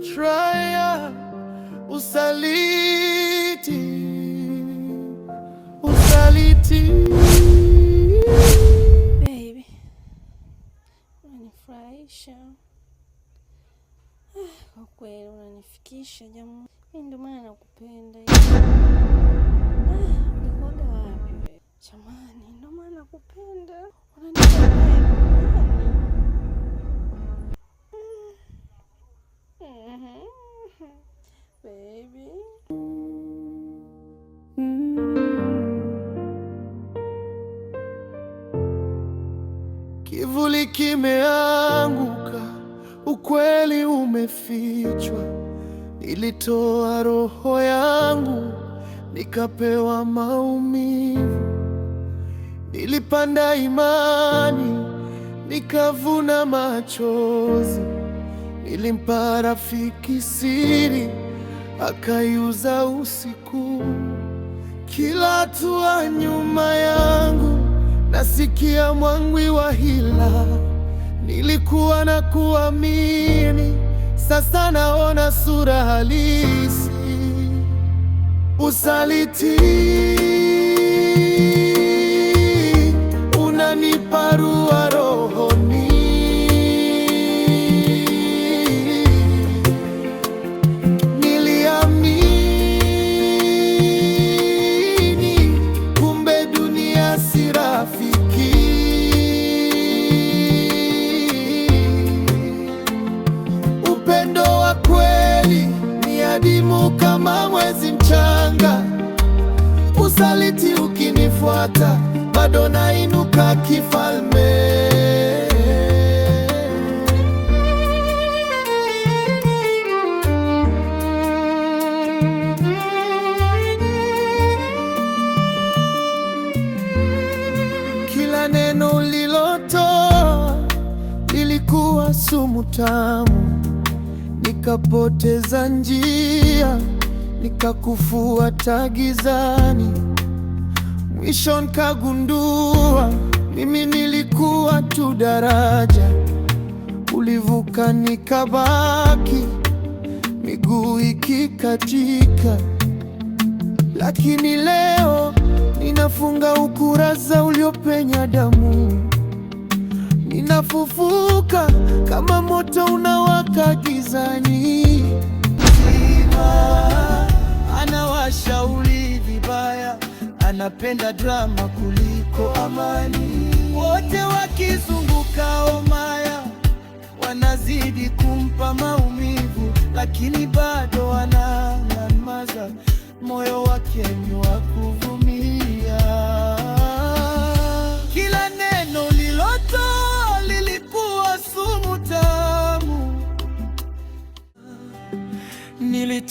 umetraya usaliti, usaliti. Baby, unanifurahisha ah, kwa kweli, unanifikisha jamu, ndio maana nakupenda. Ah, ulikuwaga wapi jamani? Ndio maana nakupenda, unanipenda Mm-hmm. Baby. Mm-hmm. Kivuli kimeanguka, ukweli umefichwa. Nilitoa roho yangu, nikapewa maumivu. Nilipanda imani, nikavuna machozi. Nilimpa rafiki siri, akaiuza usiku. Kila hatua nyuma yangu nasikia mwangwi wa hila. Nilikuwa na kuamini, sasa naona sura halisi. Usaliti tamu tamu, nikapoteza njia, nikakufuata gizani, mwisho nikagundua mimi nilikuwa tu daraja, ulivuka nikabaki miguu ikikatika. Lakini leo ninafunga ukurasa uliopenya damu ninafufuka kama moto unawaka gizani. Anawashauri vibaya, anapenda drama kuliko amani. Wote wakizunguka omaya wanazidi kumpa maumivu, lakini bado anang'amaza, moyo wake ni wakuvu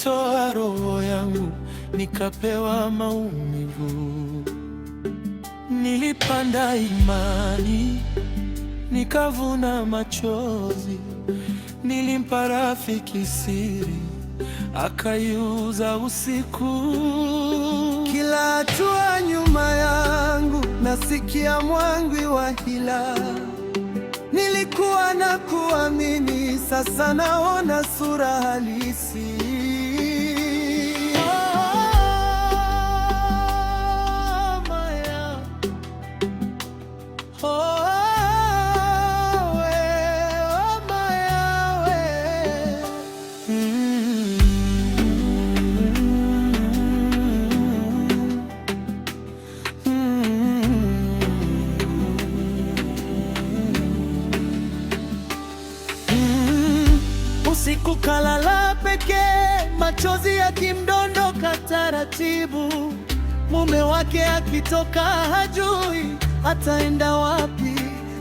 nilitoa roho yangu nikapewa maumivu, nilipanda imani nikavuna machozi, nilimpa rafiki siri akaiuza usiku. Kila hatua nyuma yangu nasikia mwangwi wa hila. Nilikuwa na kuamini, sasa naona sura halisi. yake akitoka hajui ataenda wapi,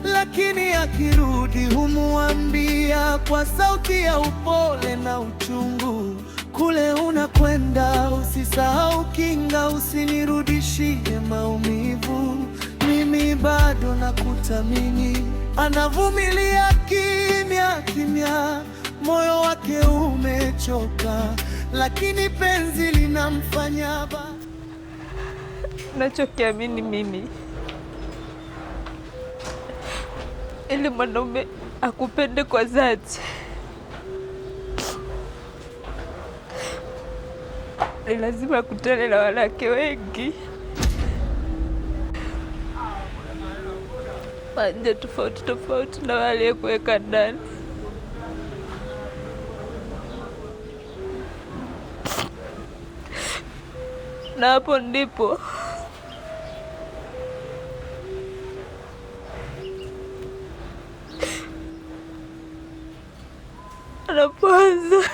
lakini akirudi humuambia kwa sauti ya upole na uchungu, kule unakwenda usisahau kinga, usinirudishie maumivu, mimi bado nakuthamini. Anavumilia kimya kimya, moyo wake umechoka, lakini penzi linamfanya nachokiamini mimi, ili mwanaume akupende kwa dhati, ni lazima akutane na wanawake wengi wanje tofauti tofauti na wale kuweka ndani na hapo ndipo anapoza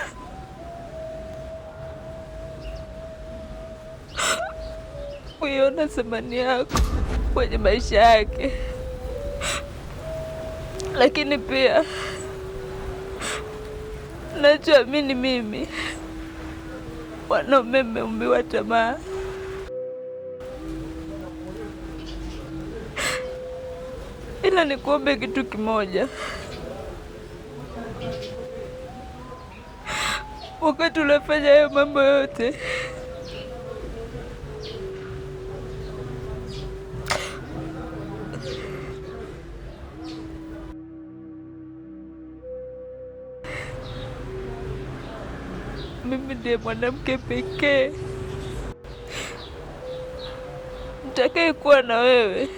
kuiona thamani yako kwenye maisha yake, lakini pia nachoamini mimi, wanaume mmeumbiwa tamaa ila nikuombe kitu kimoja. wakati unafanya hayo mambo yote, mimi ndiye mwanamke pekee nitakayekuwa na wewe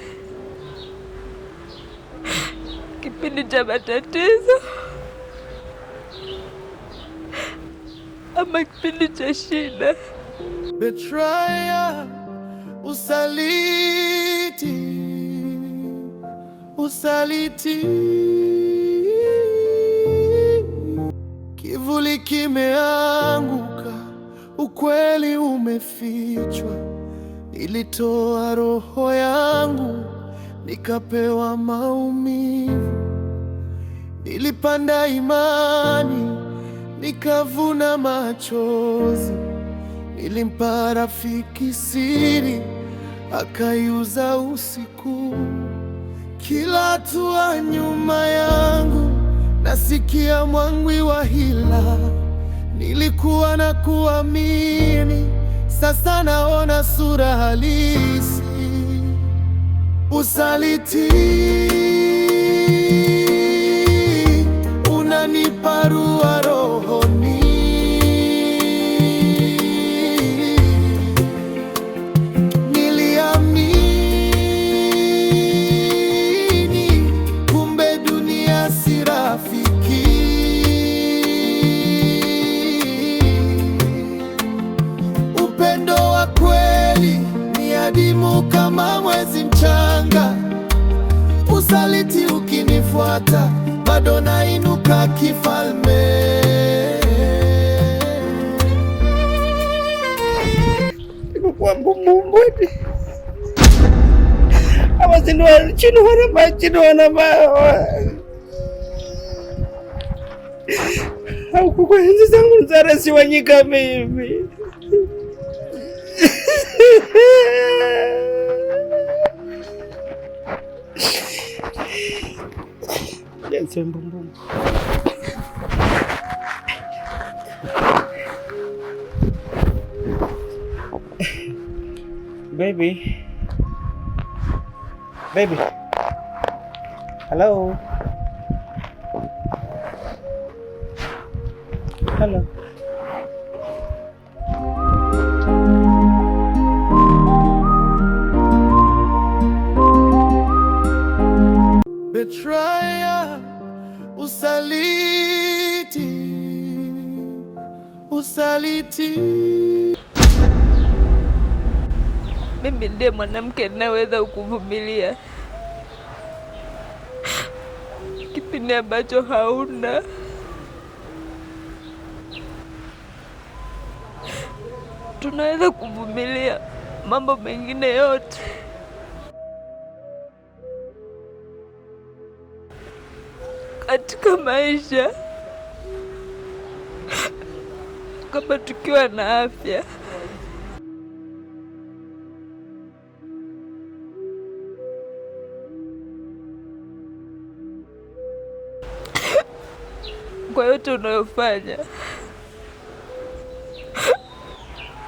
kipindi cha matatizo. ama kipindi cha shida, betraya, usaliti, usaliti. Kivuli kimeanguka, ukweli umefichwa. Nilitoa roho yangu, nikapewa maumivu, nilipanda imani nikavuna machozi. Nilimpa rafiki siri, akaiuza usiku. Kila hatua nyuma yangu nasikia mwangwi wa hila. Nilikuwa na kuamini, sasa naona sura halisi. Usaliti unaniparua Upendo wa kweli ni adimu kama mwezi mchanga. Usaliti ukinifuata, bado nainuka kifalme. Munguti awazinwachino wanamachino wanamawa aukukwenzi zangu nzarasiwanyika mimi để xem bông bông baby baby hello Betraya, usaliti, usaliti. Mimi ndiye mwanamke ninaweza kukuvumilia kipindi ambacho hauna tunaweza kuvumilia mambo mengine yote. katika maisha kama tukiwa na afya kwa yote unayofanya,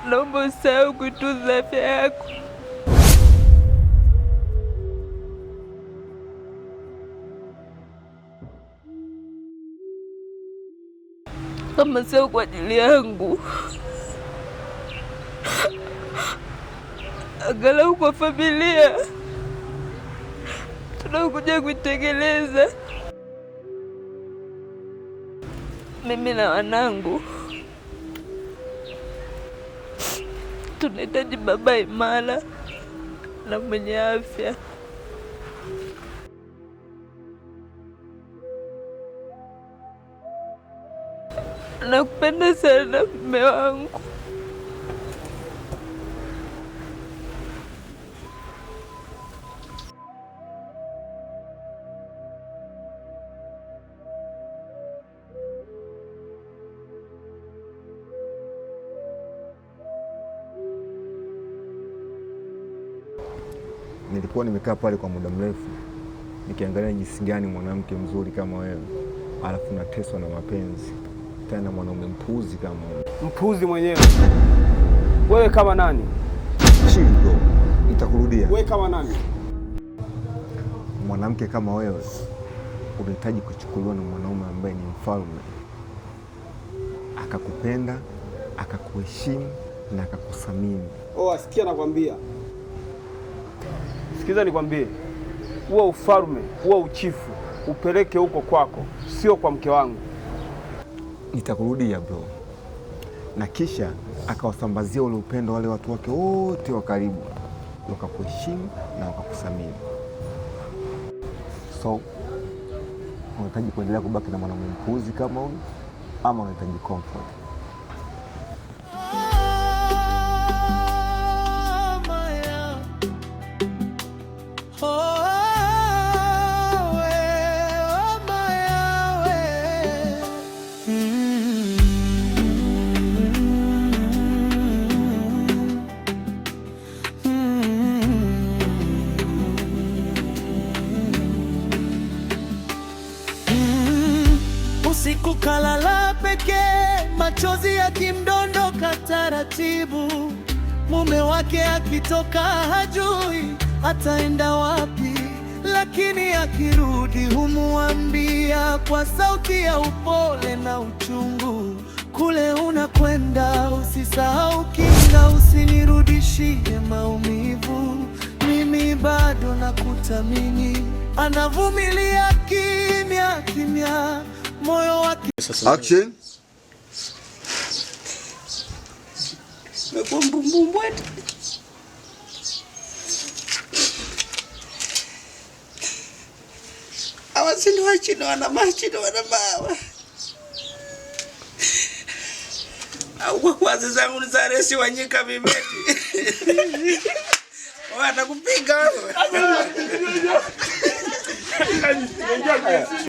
naomba usahau kuitunza afya yako. kama sio kwa ajili yangu, angalau kwa familia tunakuja kuitekeleza, mimi na wanangu tunahitaji baba imara na mwenye afya. nakupenda sana mume wangu. Nilikuwa nimekaa pale kwa muda mrefu nikiangalia jinsi gani mwanamke mzuri kama wewe alafu nateswa na mapenzi. Kutana na mwanaume mpuzi kama mpuzi mwenyewe. Wewe kama nani? Chido, nitakurudia. Wewe kama nani? Mwanamke kama wewe unahitaji kuchukuliwa na mwanaume ambaye ni mfalme, akakupenda, akakuheshimu na akakuthamini. Oh, asikia, nakwambia. Sikiza nikwambie, huo ufalme, huo uchifu upeleke huko kwako, sio kwa mke wangu nitakurudia bro. Na kisha akawasambazia ule upendo wale watu wake wote wa karibu, wakakuheshimu na wakakusamini. So unahitaji kuendelea kubaki na mwanamume mpuzi kama huyu, ama unahitaji comfort? Kukalala pekee, machozi yakimdondoka taratibu, mume wake akitoka hajui ataenda wapi, lakini akirudi humwambia kwa sauti ya upole na uchungu, kule unakwenda usisahau kinga, usinirudishie maumivu, mimi bado nakuthamini. Anavumilia kimya kimya moyo wake. Action. Awasini wachino wana machino wana mawa. Au kwazi zangu ni za wanyika mimeti. Watakupiga wewe.